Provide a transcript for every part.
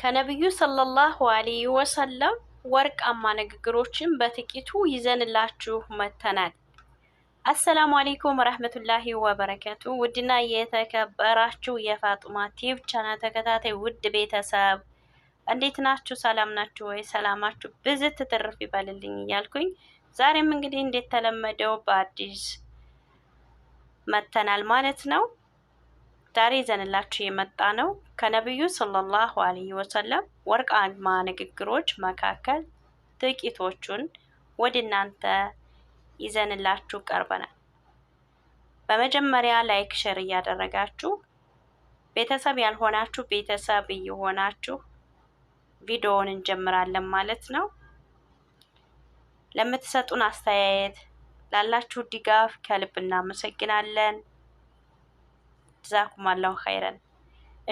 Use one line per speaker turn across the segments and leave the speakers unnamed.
ከነቢዩ ሰለላሁ አለይሂ ወሰለም ወርቃማ ንግግሮችን በጥቂቱ ይዘንላችሁ መተናል። አሰላሙ አሌይኩም ረህመቱላሂ ወበረከቱ። ውድና የተከበራችሁ የፋጡማ ቲቭ ቻናል ተከታታይ ውድ ቤተሰብ እንዴት ናችሁ? ሰላም ናችሁ ወይ? ሰላማችሁ ብዝት ትትርፍ ይበልልኝ እያልኩኝ ዛሬም እንግዲህ እንደተለመደው በአዲስ መተናል ማለት ነው። ዛሬ ይዘንላችሁ የመጣ ነው ከነቢዩ ሰለላሁ አለይሂ ወሰለም ወርቃማ ንግግሮች መካከል ጥቂቶቹን ወደ እናንተ ይዘንላችሁ ቀርበናል። በመጀመሪያ ላይክ፣ ሼር እያደረጋችሁ ቤተሰብ ያልሆናችሁ ቤተሰብ እየሆናችሁ ቪዲዮውን እንጀምራለን ማለት ነው። ለምትሰጡን አስተያየት ላላችሁ ድጋፍ ከልብ እናመሰግናለን። ጀዛኩሙላሁ ኸይረን።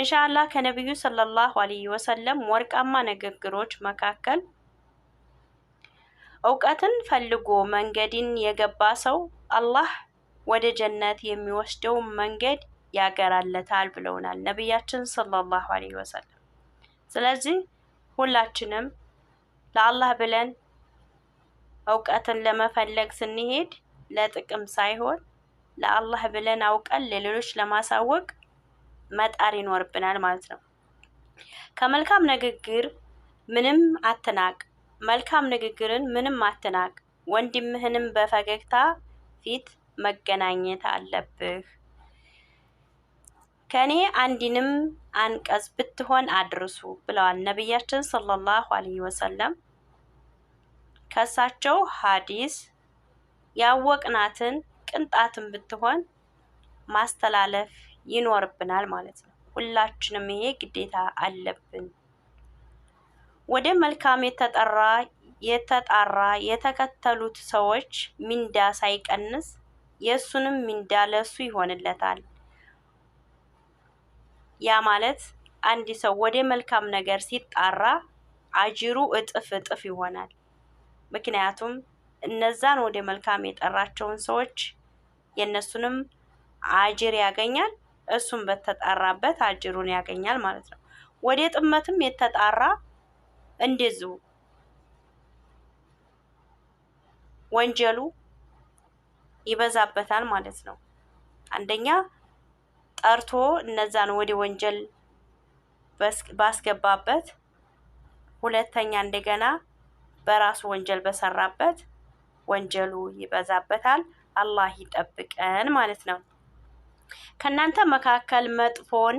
እንሻአላህ ከነቢዩ ሰለላሁ አለይሂ ወሰለም ወርቃማ ንግግሮች መካከል እውቀትን ፈልጎ መንገድን የገባ ሰው አላህ ወደ ጀነት የሚወስደውን መንገድ ያገራለታል ብለውናል ነቢያችን ሰለላሁ አለይሂ ወሰለም። ስለዚህ ሁላችንም ለአላህ ብለን እውቀትን ለመፈለግ ስንሄድ ለጥቅም ሳይሆን ለአላህ ብለን አውቀን ለሌሎች ለማሳወቅ መጣር ይኖርብናል ማለት ነው። ከመልካም ንግግር ምንም አትናቅ። መልካም ንግግርን ምንም አትናቅ። ወንድምህንም በፈገግታ ፊት መገናኘት አለብህ። ከእኔ አንዲንም አንቀጽ ብትሆን አድርሱ ብለዋል ነቢያችን ሰለላሁ አለይሂ ወሰለም። ከእሳቸው ሀዲስ ያወቅናትን ቅንጣትም ብትሆን ማስተላለፍ ይኖርብናል ማለት ነው። ሁላችንም ይሄ ግዴታ አለብን። ወደ መልካም የተጠራ የተጣራ የተከተሉት ሰዎች ሚንዳ ሳይቀንስ የእሱንም ሚንዳ ለእሱ ይሆንለታል። ያ ማለት አንድ ሰው ወደ መልካም ነገር ሲጣራ አጅሩ እጥፍ እጥፍ ይሆናል። ምክንያቱም እነዛን ወደ መልካም የጠራቸውን ሰዎች የእነሱንም አጅር ያገኛል። እሱም በተጣራበት አጅሩን ያገኛል ማለት ነው። ወደ ጥመትም የተጣራ እንደዚሁ ወንጀሉ ይበዛበታል ማለት ነው። አንደኛ ጠርቶ እነዛን ወደ ወንጀል ባስገባበት፣ ሁለተኛ እንደገና በራሱ ወንጀል በሰራበት ወንጀሉ ይበዛበታል። አላህ ይጠብቀን ማለት ነው። ከእናንተ መካከል መጥፎን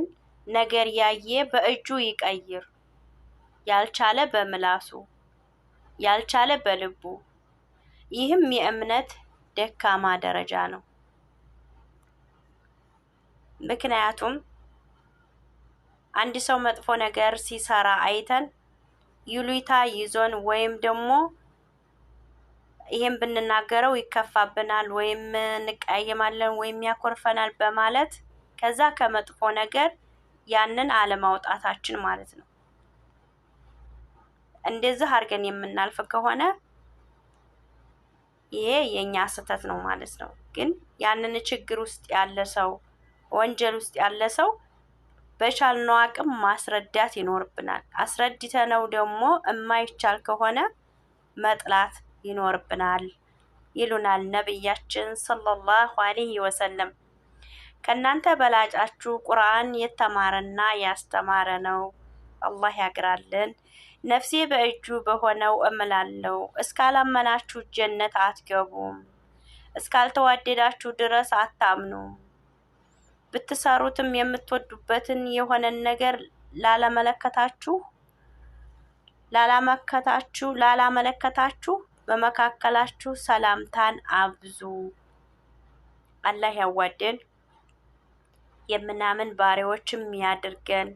ነገር ያየ በእጁ ይቀይር፣ ያልቻለ በምላሱ፣ ያልቻለ በልቡ። ይህም የእምነት ደካማ ደረጃ ነው። ምክንያቱም አንድ ሰው መጥፎ ነገር ሲሰራ አይተን ይሉኝታ ይዞን ወይም ደግሞ ይህም ብንናገረው ይከፋብናል ወይም እንቀያየማለን ወይም ያኮርፈናል በማለት ከዛ ከመጥፎ ነገር ያንን አለማውጣታችን ማለት ነው። እንደዚህ አድርገን የምናልፍ ከሆነ ይሄ የኛ ስህተት ነው ማለት ነው። ግን ያንን ችግር ውስጥ ያለ ሰው ወንጀል ውስጥ ያለ ሰው በቻልነው አቅም ማስረዳት ይኖርብናል። አስረድተነው ደግሞ የማይቻል ከሆነ መጥላት ይኖርብናል ይሉናል ነቢያችን ሰለላሁ ዐለይሂ ወሰለም። ከእናንተ በላጫችሁ ቁርአን የተማረና ያስተማረ ነው። አላህ ያግራልን። ነፍሴ በእጁ በሆነው እምላለው፣ እስካላመናችሁ ጀነት አትገቡም፣ እስካልተዋደዳችሁ ድረስ አታምኑ። ብትሰሩትም የምትወዱበትን የሆነን ነገር ላለመለከታችሁ ላላመከታችሁ ላላመለከታችሁ በመካከላችሁ ሰላምታን አብዙ። አላህ ያዋደን የምናምን ባሪያዎችም ያድርገን።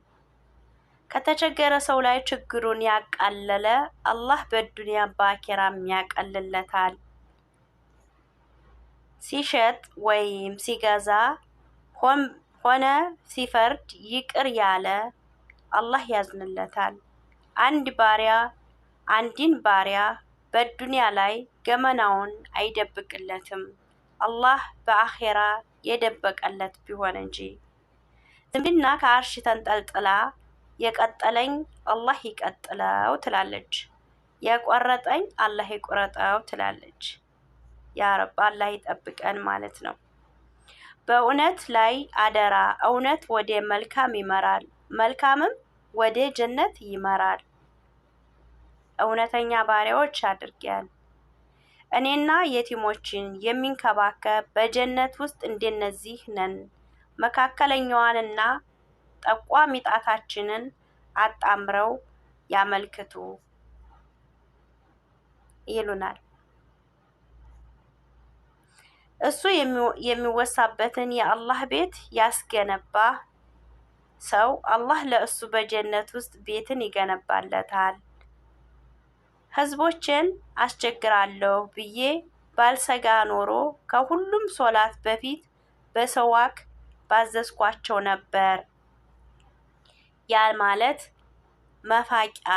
ከተቸገረ ሰው ላይ ችግሩን ያቃለለ አላህ በዱንያ በአኬራም ያቀልለታል። ሲሸጥ ወይም ሲገዛ ሆነ ሲፈርድ ይቅር ያለ አላህ ያዝንለታል። አንድ ባሪያ አንድን ባሪያ በዱንያ ላይ ገመናውን አይደብቅለትም አላህ በአኼራ የደበቀለት ቢሆን እንጂ። ዝምድና ከአርሽ ተንጠልጥላ የቀጠለኝ አላህ ይቀጥለው ትላለች፣ የቆረጠኝ አላህ ይቆረጠው ትላለች። ያ ረብ አላህ ይጠብቀን ማለት ነው። በእውነት ላይ አደራ። እውነት ወደ መልካም ይመራል፣ መልካምም ወደ ጀነት ይመራል። እውነተኛ ባሪያዎች አድርገሃል። እኔና የቲሞችን የሚንከባከብ በጀነት ውስጥ እንደነዚህ ነን። መካከለኛዋንና ጠቋሚ ጣታችንን አጣምረው ያመልክቱ ይሉናል። እሱ የሚወሳበትን የአላህ ቤት ያስገነባ ሰው አላህ ለእሱ በጀነት ውስጥ ቤትን ይገነባለታል። ህዝቦችን አስቸግራለሁ ብዬ ባልሰጋ ኖሮ ከሁሉም ሶላት በፊት በሰዋክ ባዘዝኳቸው ነበር። ያ ማለት መፋቂያ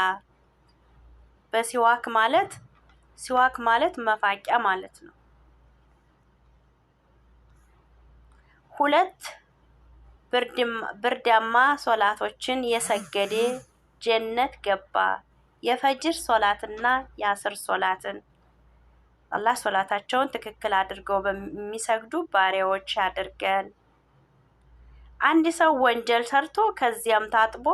በሲዋክ ማለት ሲዋክ ማለት መፋቂያ ማለት ነው። ሁለት ብርዳማ ሶላቶችን የሰገደ ጀነት ገባ። የፈጅር ሶላትና የአስር ሶላትን አላህ ሶላታቸውን ትክክል አድርገው በሚሰግዱ ባሪያዎች ያድርገን። አንድ ሰው ወንጀል ሰርቶ ከዚያም ታጥቦ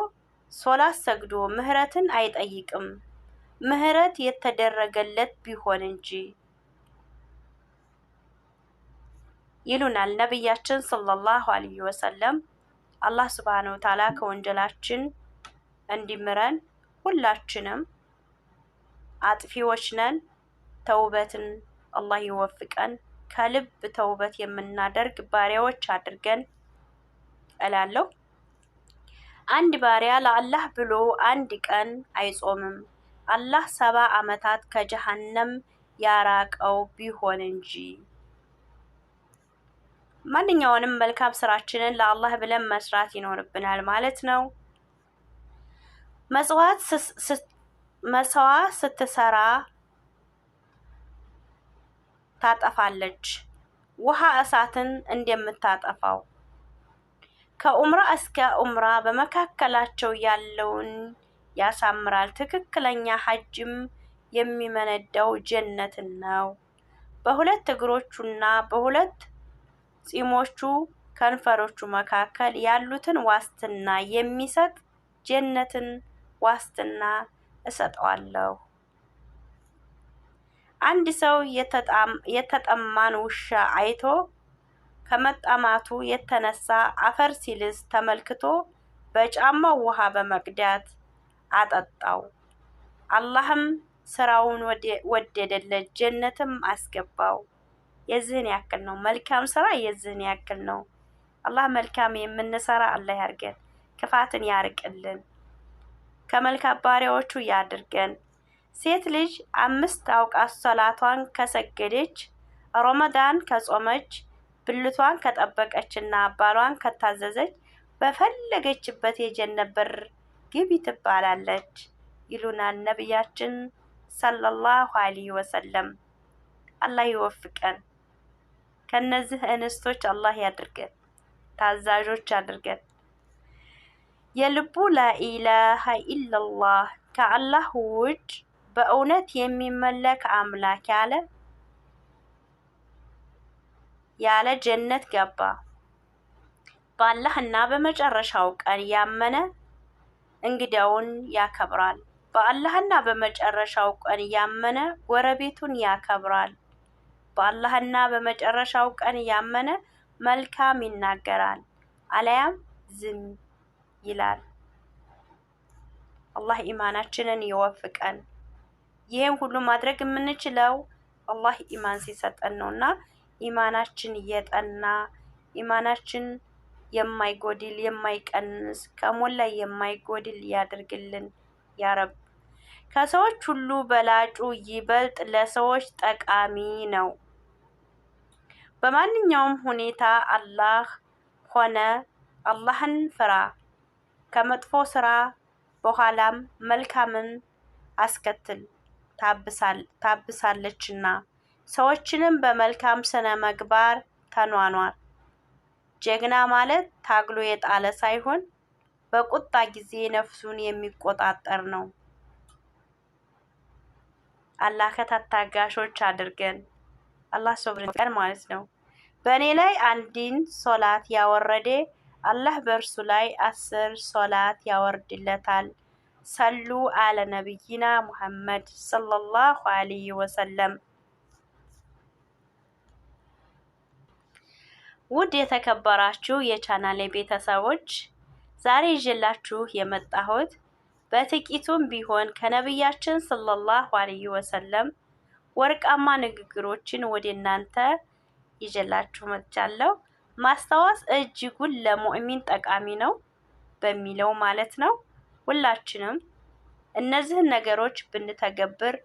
ሶላት ሰግዶ ምህረትን አይጠይቅም ምህረት የተደረገለት ቢሆን እንጂ ይሉናል ነቢያችን ሰለላሁ ዐለይሂ ወሰለም። አላህ ሱብሃነሁ ወተዓላ ከወንጀላችን እንዲምረን ሁላችንም አጥፊዎች ነን። ተውበትን አላህ ይወፍቀን። ከልብ ተውበት የምናደርግ ባሪያዎች አድርገን እላለሁ። አንድ ባሪያ ለአላህ ብሎ አንድ ቀን አይጾምም አላህ ሰባ ዓመታት ከጀሃነም ያራቀው ቢሆን እንጂ። ማንኛውንም መልካም ስራችንን ለአላህ ብለን መስራት ይኖርብናል ማለት ነው። መጽዋት መሰዋ ስትሰራ ታጠፋለች፣ ውሃ እሳትን እንደምታጠፋው። ከኡምራ እስከ ኡምራ በመካከላቸው ያለውን ያሳምራል። ትክክለኛ ሐጅም የሚመነዳው ጀነትን ነው። በሁለት እግሮቹና በሁለት ፂሞቹ ከንፈሮቹ መካከል ያሉትን ዋስትና የሚሰጥ ጀነትን ዋስትና እሰጠዋለሁ። አንድ ሰው የተጠማን ውሻ አይቶ ከመጠማቱ የተነሳ አፈር ሲልስ ተመልክቶ በጫማው ውሃ በመቅዳት አጠጣው። አላህም ስራውን ወደደለት፣ ጀነትም አስገባው። የዚህን ያክል ነው መልካም ስራ፣ የዚህን ያክል ነው። አላህ መልካም የምንሰራ አላህ ያርገን፣ ክፋትን ያርቅልን። ከመልካም ባሪያዎቹ ያድርገን። ሴት ልጅ አምስት አውቃት ሰላቷን ከሰገደች ሮመዳን ከጾመች ብልቷን ከጠበቀችና ባሏን ከታዘዘች በፈለገችበት የጀነት በር ግቢ ትባላለች ይሉናል ነቢያችን ሰለላሁ አለይሂ ወሰለም። አላህ ይወፍቀን። ከነዚህ እንስቶች አላህ ያድርገን፣ ታዛዦች ያድርገን። የልቡ ላኢላሀ ኢለላህ ከአላህ ውጭ በእውነት የሚመለክ አምላክ ያለ ያለ ጀነት ገባ። በአላህና በመጨረሻው ቀን ያመነ እንግዳውን ያከብራል። በአላህና በመጨረሻው ቀን ያመነ ጎረቤቱን ያከብራል። በአላህና በመጨረሻው ቀን ያመነ መልካም ይናገራል አለያም ዝም ይላል። አላህ ኢማናችንን ይወፍቀን። ይህን ሁሉ ማድረግ የምንችለው አላህ ኢማን ሲሰጠን ነው እና ኢማናችን እየጠና ኢማናችን የማይጎድል የማይቀንስ ከሞላ የማይጎድል ያድርግልን ያረብ። ከሰዎች ሁሉ በላጩ ይበልጥ ለሰዎች ጠቃሚ ነው። በማንኛውም ሁኔታ አላህ ሆነ አላህን ፍራ። ከመጥፎ ስራ በኋላም መልካምን አስከትል ታብሳለችና ሰዎችንም በመልካም ስነ መግባር ተኗኗር። ጀግና ማለት ታግሎ የጣለ ሳይሆን በቁጣ ጊዜ ነፍሱን የሚቆጣጠር ነው። አላህ ከታጋሾች አድርገን። አላህ ሶብር ቀን ማለት ነው። በእኔ ላይ አንድን ሶላት ያወረደ አላህ በእርሱ ላይ አስር ሶላት ያወርድለታል። ሰሉ አለ ነቢይና ሙሐመድ ሰለላሁ አለይሂ ወሰለም። ውድ የተከበራችሁ የቻናሌ ቤተሰቦች ዛሬ ይዤላችሁ የመጣሁት በጥቂቱም ቢሆን ከነቢያችን ሰለላሁ አለይሂ ወሰለም ወርቃማ ንግግሮችን ወደ እናንተ ይዤላችሁ መጥቻለሁ። ማስታወስ እጅጉን ለሙእሚን ጠቃሚ ነው በሚለው ማለት ነው። ሁላችንም እነዚህን ነገሮች ብንተገብር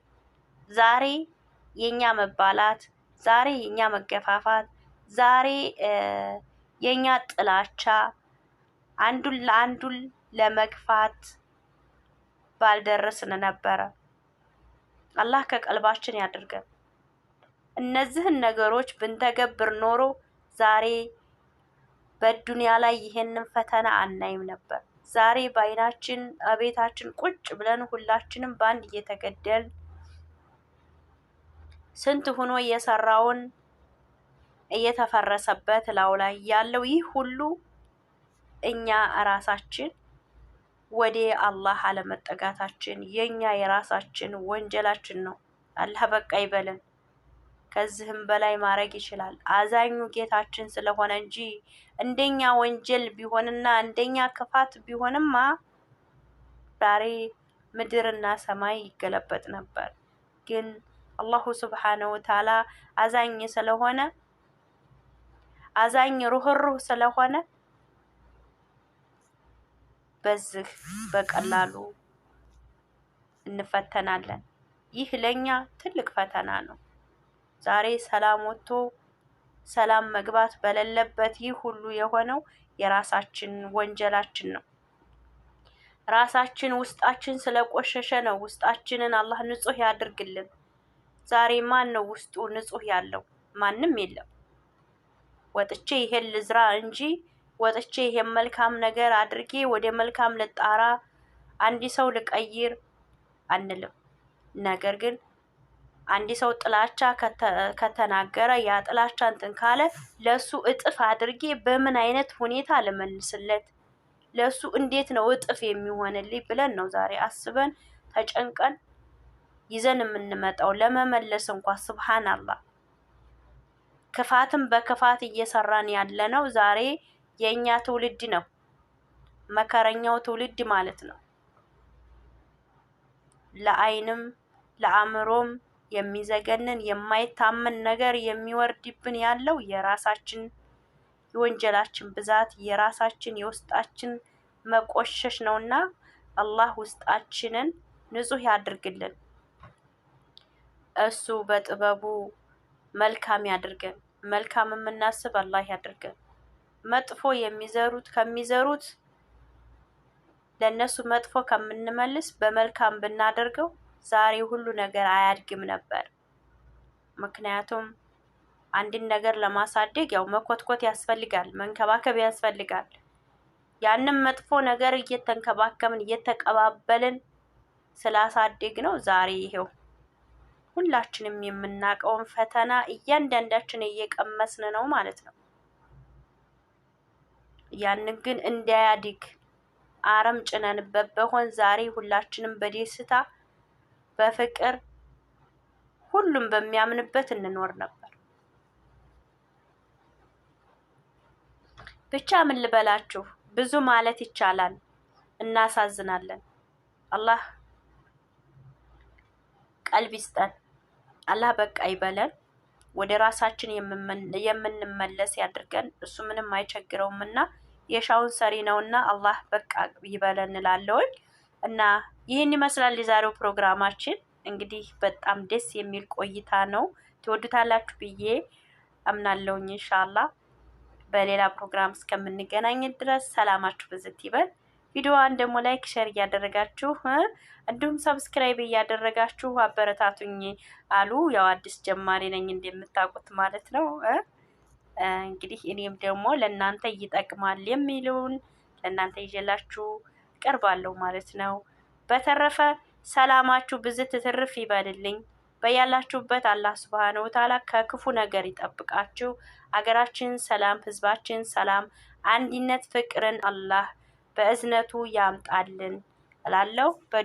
ዛሬ የኛ መባላት፣ ዛሬ የኛ መገፋፋት፣ ዛሬ የኛ ጥላቻ አንዱን ለአንዱን ለመግፋት ባልደረስን ነበረ። አላህ ከቀልባችን ያድርገን። እነዚህን ነገሮች ብንተገብር ኖሮ ዛሬ በዱንያ ላይ ይሄንን ፈተና አናይም ነበር። ዛሬ በአይናችን ቤታችን ቁጭ ብለን ሁላችንም በአንድ እየተገደል ስንት ሆኖ እየሰራውን እየተፈረሰበት ላው ላይ ያለው ይህ ሁሉ እኛ ራሳችን ወደ አላህ አለመጠጋታችን የኛ የራሳችን ወንጀላችን ነው። አላህ በቃ ይበለን። ከዚህም በላይ ማድረግ ይችላል። አዛኙ ጌታችን ስለሆነ እንጂ እንደኛ ወንጀል ቢሆንና እንደኛ ክፋት ቢሆንማ ዛሬ ምድርና ሰማይ ይገለበጥ ነበር። ግን አላሁ ስብሓነሁ ወተዓላ አዛኝ ስለሆነ አዛኝ ሩህሩህ ስለሆነ በዚህ በቀላሉ እንፈተናለን። ይህ ለኛ ትልቅ ፈተና ነው። ዛሬ ሰላም ወጥቶ ሰላም መግባት በሌለበት ይህ ሁሉ የሆነው የራሳችን ወንጀላችን ነው። ራሳችን ውስጣችን ስለቆሸሸ ነው። ውስጣችንን አላህ ንጹህ ያድርግልን። ዛሬ ማን ነው ውስጡ ንጹህ ያለው? ማንም የለም። ወጥቼ ይሄን ልዝራ እንጂ ወጥቼ ይሄን መልካም ነገር አድርጌ ወደ መልካም ልጣራ፣ አንድ ሰው ልቀይር አንልም። ነገር ግን አንድ ሰው ጥላቻ ከተናገረ ያ ጥላቻ እንትን ካለ ለሱ እጥፍ አድርጌ በምን አይነት ሁኔታ ልመልስለት፣ ለሱ እንዴት ነው እጥፍ የሚሆንልኝ ብለን ነው ዛሬ አስበን ተጨንቀን ይዘን የምንመጣው ለመመለስ እንኳ ስብሓን አላህ ክፋትን በክፋት እየሰራን ያለ ነው። ዛሬ የኛ ትውልድ ነው መከረኛው ትውልድ ማለት ነው። ለአይንም ለአእምሮም የሚዘገንን የማይታመን ነገር የሚወርድብን ያለው የራሳችን የወንጀላችን ብዛት የራሳችን የውስጣችን መቆሸሽ ነውና አላህ ውስጣችንን ንጹህ ያድርግልን። እሱ በጥበቡ መልካም ያድርገን። መልካም የምናስብ አላህ ያድርገን። መጥፎ የሚዘሩት ከሚዘሩት ለነሱ መጥፎ ከምንመልስ በመልካም ብናደርገው ዛሬ ሁሉ ነገር አያድግም ነበር። ምክንያቱም አንድን ነገር ለማሳደግ ያው መኮትኮት ያስፈልጋል፣ መንከባከብ ያስፈልጋል። ያንም መጥፎ ነገር እየተንከባከብን እየተቀባበልን ስላሳደግ ነው ዛሬ ይሄው ሁላችንም የምናውቀውን ፈተና እያንዳንዳችን እየቀመስን ነው ማለት ነው። ያንን ግን እንዳያድግ አረም ጭነንበት በሆን ዛሬ ሁላችንም በደስታ በፍቅር ሁሉም በሚያምንበት እንኖር ነበር። ብቻ ምን ልበላችሁ፣ ብዙ ማለት ይቻላል። እናሳዝናለን። አላህ ቀልብ ይስጠን። አላህ በቃ ይበለን። ወደ ራሳችን የምንመለስ ያድርገን። እሱ ምንም አይቸግረውምና የሻውን ሰሪ ነውና አላህ በቃ ይበለን እላለሁኝ። እና ይህን ይመስላል የዛሬው ፕሮግራማችን። እንግዲህ በጣም ደስ የሚል ቆይታ ነው። ትወዱታላችሁ ብዬ አምናለሁኝ። እንሻላ በሌላ ፕሮግራም እስከምንገናኝ ድረስ ሰላማችሁ ብዝት ይበል። ቪዲዮዋን ደግሞ ላይክ፣ ሸር እያደረጋችሁ እንዲሁም ሰብስክራይብ እያደረጋችሁ አበረታቱኝ አሉ። ያው አዲስ ጀማሪ ነኝ እንደምታውቁት ማለት ነው። እንግዲህ እኔም ደግሞ ለእናንተ ይጠቅማል የሚለውን ለእናንተ ይዤላችሁ እቀርባለሁ ማለት ነው። በተረፈ ሰላማችሁ ብዝት ትርፍ ይበልልኝ። በያላችሁበት አላህ ስብሐነ ወተዓላ ከክፉ ነገር ይጠብቃችሁ። አገራችን ሰላም፣ ህዝባችን ሰላም፣ አንድነት፣ ፍቅርን አላህ በእዝነቱ ያምጣልን እላለሁ በዱ